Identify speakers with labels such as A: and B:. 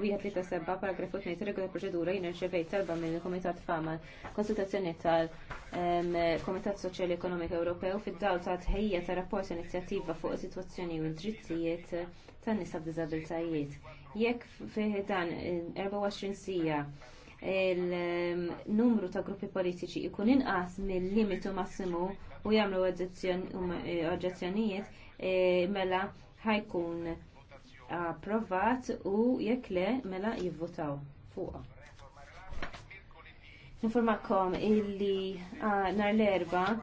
A: wieħed li tasebba paragrafu 2 regola proċedura jien irċevejt talba minn il-Kumitat Fama konsultazzjoni tal-Kumitat Soċjali Ekonomika Ewropew fid-dawl ta' tħejja ta' rapport inizjattiva fuq is-sitwazzjoni u l-drittijiet tan-nisa b'diżabilitajiet. Jekk fih dan 24 sija il-numru ta' gruppi politiċi ikun inqas mill-limitu massimu u jagħmlu oġġezzjonijiet eh, mela ħajkun approvat u jekk le mela jivvotaw fuqha. Informakom
B: illi ah, nhar l-erba